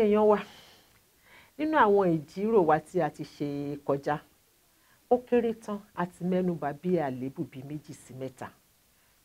ẹ̀yin èèyàn wa nínú àwọn ìjírò wa tí a ti ṣe kọjá ó kéré tán a ti mẹ́nubà bí àléébù bíi méjì sí mẹ́ta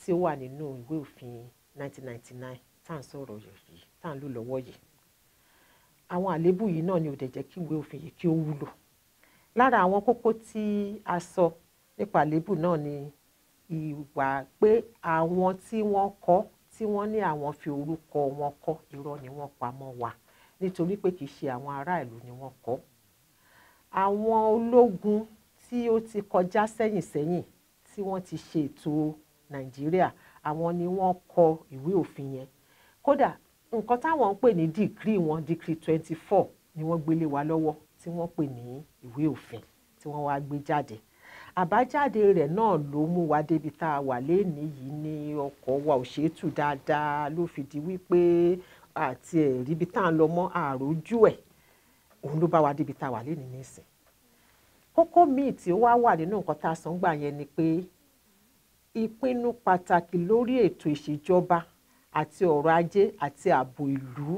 tí ó wà nínú ìwé òfin 1999 tá à ń sọ̀rọ̀ yìí tá à ń lò lọ́wọ́ yìí àwọn àléébù yìí náà ni ò dẹ̀ jẹ́ kí ìwé òfin yìí kí ó wúlò lára àwọn kókó tí a sọ nípa àléébù náà ni ìwà pé àwọn tí wọ́n kọ tí wọ́n ní àwọn fi orúkọ wọn kọ irọ́ ni wọ́n pa mọ́ wa nítorí pé kì í ṣe àwọn ará ìlú ni wọ́n kọ́ àwọn ológun tí ó ti kọjá sẹ́yìn sẹ́yìn tí wọ́n ti ṣe ètò Nàìjíríà àwọn ni wọ́n kọ ìwé òfin yẹn kódà nǹkan táwọn ń pè ní dìgírì wọn dìgírì twenty four ni wọ́n gbélé wa lọ́wọ́ tí wọ́n pè ní ìwé òfin tí wọ́n wá gbé jáde àbájáde rẹ̀ náà ló mú wa débi tá a wà lénìí yìí ní ọkọ̀ wa ò ṣeé tù dáadáa ló fi wípé àti ẹ̀rí ibi tá à ń lọ mọ́ àròjù ẹ̀ òun ló bá wa débi tá a wà lénìí nísìn kókó míì tí ó wá wà nínú nǹkan tá a sọ gbà yẹn ni pé ìpinnu pàtàkì lórí ètò ìṣèjọba àti ọ̀rọ̀ ajé àti ààbò ìlú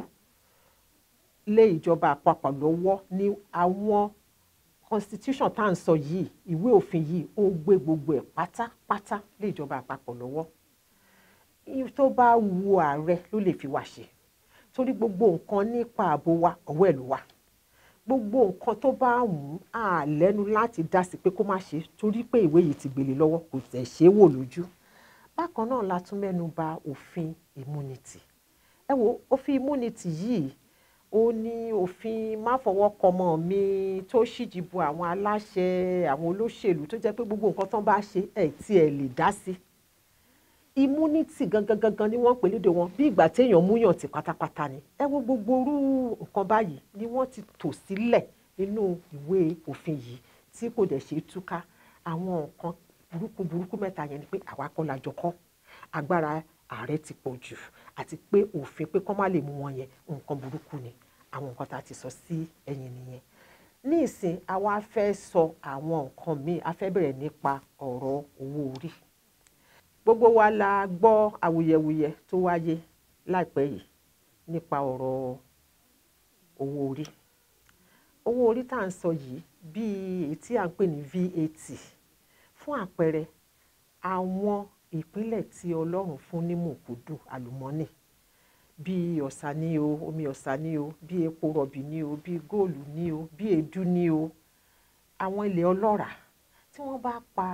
lé ìjọba àpapọ̀ lọ́wọ́ ní àwọn constitution tá à ń sọ yìí ìwé òfin yìí ó gbé gbogbo ẹ̀ pátápátá lé ìjọba àpapọ̀ lọ́wọ́ tó bá wu ààrẹ ló lè fi wá ṣe torí gbogbo nǹkan nípa ààbò wa ọwọ́ ẹ̀ ló wà gbogbo nǹkan tó bá wù ú á lẹ́nu láti dá sí pé kó má ṣe torí pé ìwé yìí ti gbélé lọ́wọ́ kò tẹ̀ ṣe é wò lójú bákan náà la tún mẹ́nu ba òfin immunity ẹ wo òfin immunity yìí ó ní òfin má fọwọ́ kọmọ mi tó ṣíji bo àwọn aláṣẹ àwọn olóṣèlú tó jẹ́ pé gbogbo nǹkan tán bá ṣe ẹ̀ tí ẹ lè dá sí i immunity gangan gangan ni wọ́n pè lédè wọn bí ìgbà téèyàn múyàn tì pátápátá ni ẹ wo gbogbo orú nǹkan báyìí ni wọ́n ti tò sílẹ̀ nínú ìwé òfin yìí tí kò dẹ̀ ṣe é túká àwọn nǹkan burúkú burúkú mẹ́ta yẹn ni pé àwa kọ́ la jọ agbára ààrẹ ti pọ̀ jù àti pé òfin pé kọ́ má lè mú wọn yẹn nǹkan burúkú ni àwọn nǹkan tá a ti sọ sí ẹ̀yìn nìyẹn ní ìsìn àwa fẹ́ sọ àwọn nǹkan míì a fẹ́ bẹ̀rẹ̀ nípa ọ̀rọ̀ owó orí gbogbo wa la gbọ́ awuyewuye tó wáyé láìpẹ́ yìí nípa ọ̀rọ̀ owó orí owó orí tá à ń sọ yìí bíi èyí tí à ń pè ní VAT fún àpẹẹrẹ àwọn ìpínlẹ̀ tí Ọlọ́run fún ní mùkúdù àlùmọ́nì bíi ọ̀sà ní o omi ọ̀sà ní o bíi epo rọ̀bì ní o bíi góòlù ní o bíi èédú ní o àwọn ilẹ̀ ọlọ́ràá tí wọ́n bá pa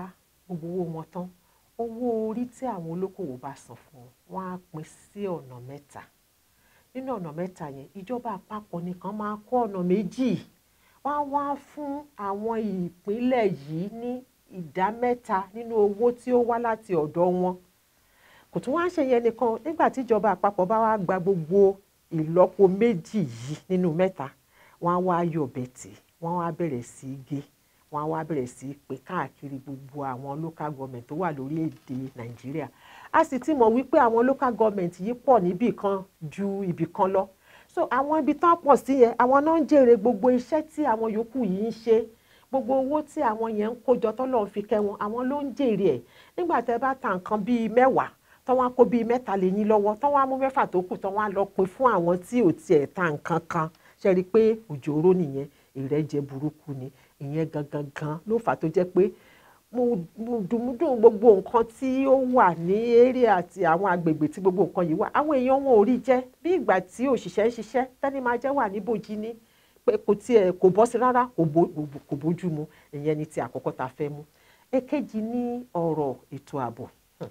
gbogbo owó wọn tán owó orí tí àwọn olókòwò bá san fún wọn wọn á pín sí ọ̀nà mẹ́ta nínú ọ̀nà mẹ́ta yẹn ìjọba àpapọ̀ nìkan máa kó ọ̀nà méjì wọ́n á wá fún àwọn ìpínlẹ̀ yìí ní ìdá mẹ́ta nínú owó tí ó wá láti ọ̀dọ̀ wọn kò tún wá ṣe yẹn nìkan nígbà tí ìjọba àpapọ̀ bá wá gba gbogbo ìlọ́po méjì yìí nínú mẹ́ta wọ́n á wá yọ̀bẹ̀ tì wọ́n á bẹ̀rẹ̀ sí í gé wọ́n á wá bẹ̀rẹ̀ sí í pé káàkiri gbogbo àwọn local government tó wà lórílẹ̀‐èdè nàìjíríà a sì ti mọ̀ wípé àwọn local government yìí pọ̀ níbì kan ju ibì kan lọ so àwọn ibi tán pọ̀ sí yẹn àwọn náà ń jèrè gbogbo iṣẹ́ tí àwọn yòókù yìí ń ṣe gbogbo owó tí àwọn yẹn ń kójọ tọ́lọ́run fi kẹ́ wọn àwọn ló ń jèrè ẹ̀ nígbà tẹ́ bá ta nǹkan bíi mẹ́wàá tọ́wọ́n á kó bíi mẹ́ta lé yín lọ́wọ́ tọ́wọ́n á mú mẹ́fà tó kù tọ́wọ́n á lọ pin fún àwọn tí ò tiẹ̀ ta nǹkan kan ṣe rí i pé òjòrò nìyẹn ìrẹ́jẹ burúkú ni ìyẹn gangan gan ló fà tó jẹ́ pé mo dùnmúdùn gbogbo nǹkan tí ó wà ní eré àti àwọn agbègbè tí gbogbo nǹkan yìí wà àwọn èèyàn wọn ò rí jẹ bí ìgbà tí òṣìṣẹ́ ń ṣiṣẹ́ tẹ́ni máa jẹ́ wà níbòjì ní pé kò tiẹ̀ kò bọ́ rárá kò bójú mu ìyẹn ni ti àkọ́kọ́ ta fẹ́ mú èkejì ní ọ̀rọ̀ ètò ààbò hmm.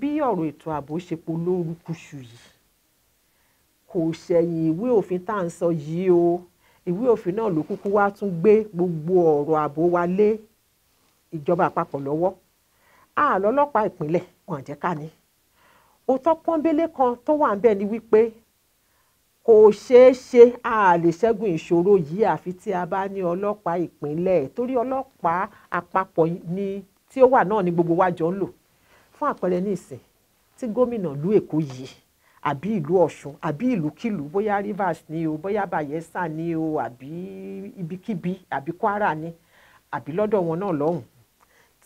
bí ọ̀rọ̀ ètò ààbò ṣe polórúkúṣu yìí kò ṣẹ̀yìn ìwé òfin tá à ń sọ yìí o ìwé òfin náà ló kúkú wá tún gbé gbogbo ọ̀rọ̀ ààbò wa lé ìjọba àpapọ̀ lọ́wọ́ àlọ́lọ́pàá ìpínlẹ̀ wọn jẹ́ ká ní òótọ́ pọ́nbélé kan tó wà ń bẹ̀ ni wípé kò ṣeé ṣe a lè ṣẹ́gun ìṣòro yìí àfi tí a bá ní ọlọ́pàá ìpínlẹ̀ torí ọlọ́pàá àpapọ̀ ni tí ó wà náà ni gbogbo wa ń lò fún àpẹẹrẹ ní ìsìn tí gómìnà ìlú Èkó yìí àbí ìlú ọ̀ṣun àbí ìlúkìlú bóyá rivers ni o bóyá bayelsa ni o àbí ibikíbi àbí kwara ni àbí lọ́dọ̀ wọn náà lọ́hùn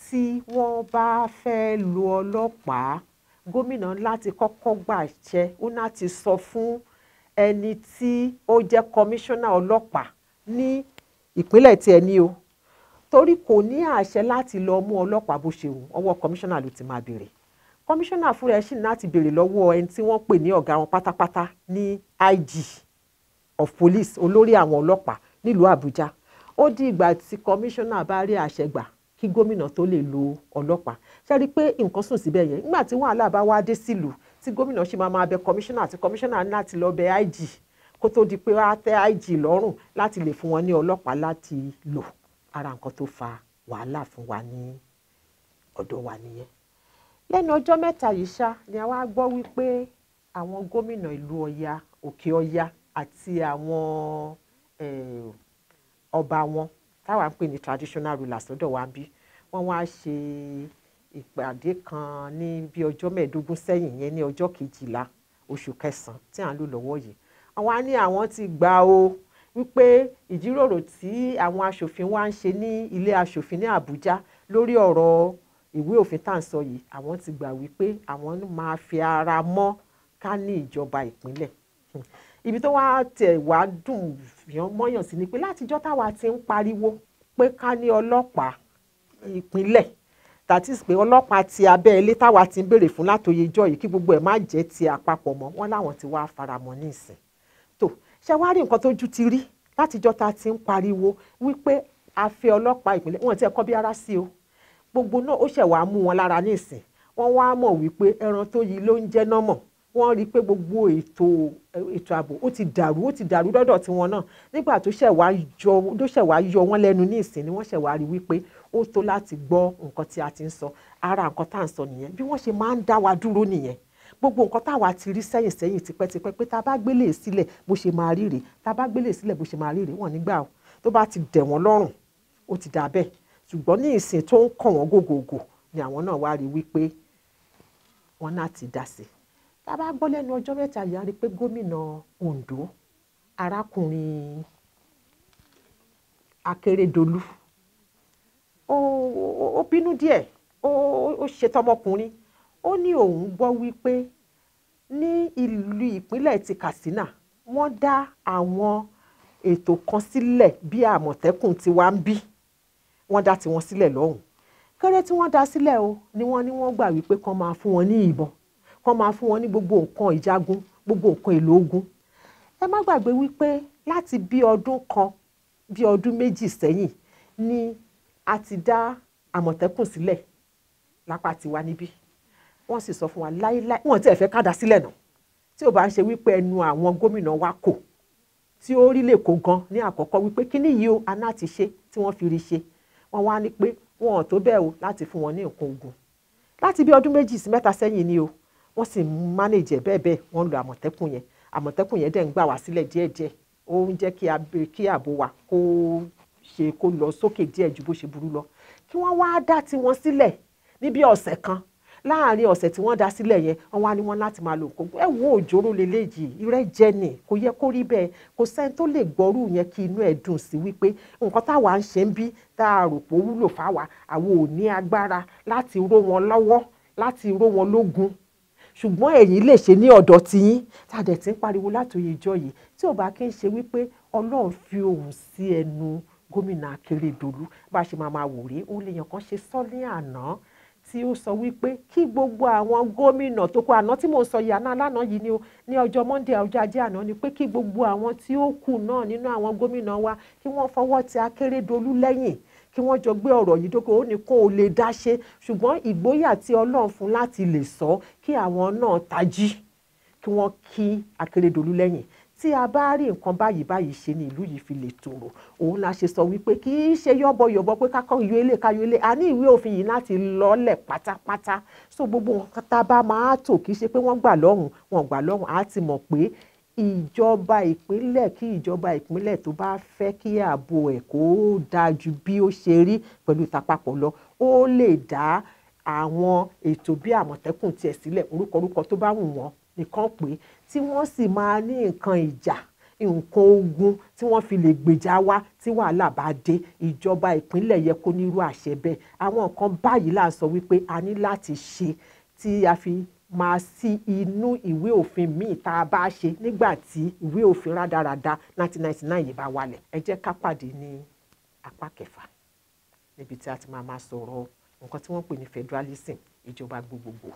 tí wọ́n bá fẹ́ lo ọlọ́pàá gómìnà láti kọ́kọ́ gbàṣẹ ó náà ti sọ fún ẹni tí ó jẹ́ kọmíṣánná ọlọ́pàá ní ìpínlẹ̀ tí ẹ o torí kò ní àṣẹ láti lọ mú ọlọ́pàá bó ṣe wù ọwọ́ kọmíṣánná ló ti máa béèrè kọmíṣánná fúnra ẹ̀ ṣì ní láti béèrè lọ́wọ́ ẹni tí wọ́n pè ní ọ̀gá wọn pátápátá ní IG of police olórí àwọn ọlọ́pàá nílùú Àbújá ó di ìgbà tí kọmíṣánná bá rí àṣẹ gbà kí gómìnà tó lè lo ọlọ́pàá ṣe rí i pé nǹkan sùn síbẹ̀ yẹn nígbà tí wàhálà bá wá dé sílùú tí gómìnà ṣe máa máa bẹ kọmíṣánná àti kọmíṣánná ní láti lọ bẹ IG kó tó di pé wá tẹ IG lọ́rùn láti lè fún wọn ní ọlọ́pàá láti lò ara nǹkan tó fa wàhálà fún wa ní ọ̀dọ̀ wa nìyẹn lẹ́nu ọjọ́ mẹ́ta yìí ṣá ni a wá gbọ́ wípé àwọn gómìnà ìlú ọya òkè ọya àti àwọn eh, ọba wọn táwa ń pè ní traditional rulers lọ́dọ̀ wa bí wọ́n wá ṣe ìpàdé kan ní bí ọjọ́ mẹ́ẹ̀ẹ́dógún sẹ́yìn yẹn ní ọjọ́ kejìlá oṣù kẹsàn-án tí à ń lò lọ́wọ́ yìí àwọn á ní àwọn ti gbà o wípé ìjíròrò tí àwọn aṣòfin wa ń ṣe ní ilé aṣòfin ní Àbújá lórí ọ̀rọ̀ ìwé òfin tá à ń sọ yìí àwọn ti gbà wípé àwọn máa fi ara mọ́ ká ní ìjọba ìpínlẹ̀ ibi tó wá tẹ̀ wá dùn mọ́yàn sí ni pé látijọ́ táwa ti ń pariwo pé ká ní ọlọ́pàá ìpínlẹ̀ that is pé ọlọ́pàá ti abẹ́ ilé táwa ti ń béèrè fún látòye ìjọ yìí kí gbogbo ẹ̀ má jẹ́ ti àpapọ̀ mọ́ wọn láwọn ti wá faramọ́ ní ìsìn tó ṣe wá rí nǹkan tójú ti rí látijọ́ ta ti ń pariwo wípé a fẹ́ ọlọ́pàá ìpínlẹ̀ wọn ti ẹ̀ kọ́ bí ara sí o gbogbo náà ó ṣẹ̀ wá mú wọn lára nísìn wọ́n wá mọ̀ wípé ẹran tó yí ló ń jẹ́ nọ́mọ̀ wọ́n rí i pé gbogbo ètò ètò ààbò ó ti dàrú ó ti dàrú lọ́dọ̀ tiwọn náà nígbà tó ṣẹ̀ yọ tó ṣẹ̀ yọ wọ́n lẹ́nu ní ìsìn ni wọ́n ṣẹ̀ rí wípé ó tó láti gbọ́ nǹkan tí a ti ń sọ ara nǹkan tá à ń sọ nìyẹn bí wọ́n ṣe máa ń dá wa dúró nìyẹn gbogbo nǹkan táwa ti rí sẹ́yìn sẹ́yìn tipẹ́tipẹ́ pé tá a bá gbélé sílẹ̀ bó ṣe máa rí rèé tá a bá gbélé sílẹ̀ bó ṣe máa rí rèé wọ́n nígbà tó bá ti dẹ̀ wọ́n lọ́rùn ó ti dà bẹ́ẹ̀ ṣùgbọ́n ní ìsìn tó ń kàn wọ́n gògògò ni àwọn náà wá rí wípé wọ́n náà ti dá sí tá a bá gbọ́ lẹ́nu ọjọ́ mẹ́ta yìí a rí i pé gómìnà Ondo arákùnrin Akérédolú ó bínú díẹ̀ ó ṣe tọmọkùnrin ó ní òun gbọ́ wípé ní ìlú ìpínlẹ̀ ti Katsina wọ́n dá àwọn ètò kan sílẹ̀ bí Àmọ̀tẹ́kùn ti wá ń bí wọ́n dá tiwọn sílẹ̀ lọ́hùn kéré tí wọ́n dá sílẹ̀ o ni wọ́n ní wọ́n gbà wípé kán máa fún wọn ní ìbọn kán máa fún wọn ní gbogbo nǹkan ìjagun gbogbo nǹkan èlò ogun ẹ má gbàgbé wípé láti bí ọdún kan bí ọdún méjì sẹ́yìn ni a ti dá àmọ̀tẹ́kùn sílẹ̀ lápá tiwa níbí wọ́n sì sọ fún wa láéláé wọ́n ti ẹ̀ fẹ́ kádà sílẹ̀ náà tí ò bá ń ṣe wípé ẹnu àwọn gómìnà wa kò tí ó rí lè kó gan ní àkọ́kọ́ wípé kíní yìí o aná ti ṣe tí wọ́n fi rí ṣe wọ́n wá ní pé wọn ò tó bẹ́ẹ̀ o láti fún wọn ní nǹkan ogun láti bí ọdún méjì sí mẹ́ta sẹ́yìn ni o wọ́n sì mánéjẹ̀ bẹ́ẹ̀ bẹ́ẹ̀ wọ́n lo àmọ̀tẹ́kùn yẹn àmọ̀tẹ́kùn yẹn dẹ̀ ń gbà wá sílẹ̀ díẹ̀díẹ̀ ó ń jẹ́ kí ààbò wa kó ṣe kó lọ sókè díẹ̀ ju bó ṣe burú lọ kí wọ́n wá dá tiwọn sílẹ̀ ní bí ọ̀sẹ̀ kan láàrin ọ̀sẹ̀ tí wọ́n dá sílẹ̀ yẹn wọ́n á ní wọ́n láti máa lo nǹkan ẹ wo òjòrò lélẹ́yìí irẹ́ jẹ́ nì kò yẹ kó rí bẹ́ẹ̀ kò sẹ́ni tó lè gbọ́rú yẹn kí inú ẹ̀ dùn sí wípé nǹkan táwa ń ṣe ń bí tá a rò pé ó wúlò fáwa àwo ò ní agbára láti ró wọn lọ́wọ́ láti ró wọn lógun ṣùgbọ́n ẹ̀yin lè ṣe ní ọ̀dọ̀ tiyín tá a dẹ̀ ti ń pariwo látòye ìjọ yìí tí ò bá kí ń ṣe wípé ọlọ́run fi ohùn sí ẹnu gómìnà Akérédolú bá a ṣe máa máa wò rí òun lèèyàn kan ṣe sọ ní àná tí ó sọ wípé kí gbogbo àwọn gómìnà tó kù àná tí mò ń sọ yìí àná lánà yìí ni o ní ọjọ́ monday ọjọ́ ajé àná ni pé kí gbogbo àwọn tí ó kù náà nínú àwọn gómìnà wa kí wọ́n fọwọ́ ti akérèdọ́lù lẹ́yìn kí wọ́n jọ gbé ọ̀rọ̀ yìí dókòó ní kó o lè dá ṣe ṣùgbọ́n ìgboyà tí ọlọ́run fún láti lè sọ kí àwọn náà tají kí wọ́n kí akérèdọ́lù lẹ́yìn tí a bá rí nǹkan báyìí báyìí ṣe ni ìlú yìí fi lè tòrò òun la ṣe sọ wípé kì í ṣe yọbọyọbọ pé kákọ yọ ilé ká yọ ilé a ní ìwé òfin yìí láti lọ́lẹ̀ pátápátá so gbogbo nǹkan tá a bá máa tò kì í ṣe pé wọ́n gbà lọ́hùn wọ́n gbà lọ́hùn á ti mọ̀ pé ìjọba ìpínlẹ̀ kí ìjọba ìpínlẹ̀ tó bá fẹ́ kí ààbò ẹ̀ kó dáa ju bí ó ṣe rí pẹ̀lú ìtàpapọ̀ lọ ó lè dá àwọn ètò bí àmọ̀tẹ́kùn tiẹ̀ sílẹ̀ orúkọ orúkọ tó bá wù wọ́n nìkan pé tí wọ́n sì máa ní nǹkan ìjà nǹkan ogun tí wọ́n fi lè gbèjà wá tí wàhálà bá dé ìjọba ìpínlẹ̀ yẹ kó nírú àṣẹ bẹ́ẹ̀ àwọn nǹkan báyìí là ń sọ wípé a ní láti ṣe tí a fi máa sí inú ìwé òfin míì tá a bá ṣe nígbà tí ìwé òfin rádaràda 1999 yìí bá wálẹ̀ ẹ jẹ́ ká pàdé ní apá kẹfà níbi tí a ti máa máa sọ̀rọ̀ nǹkan tí wọ́n pè ní federalism ìjọba gbogbogbò.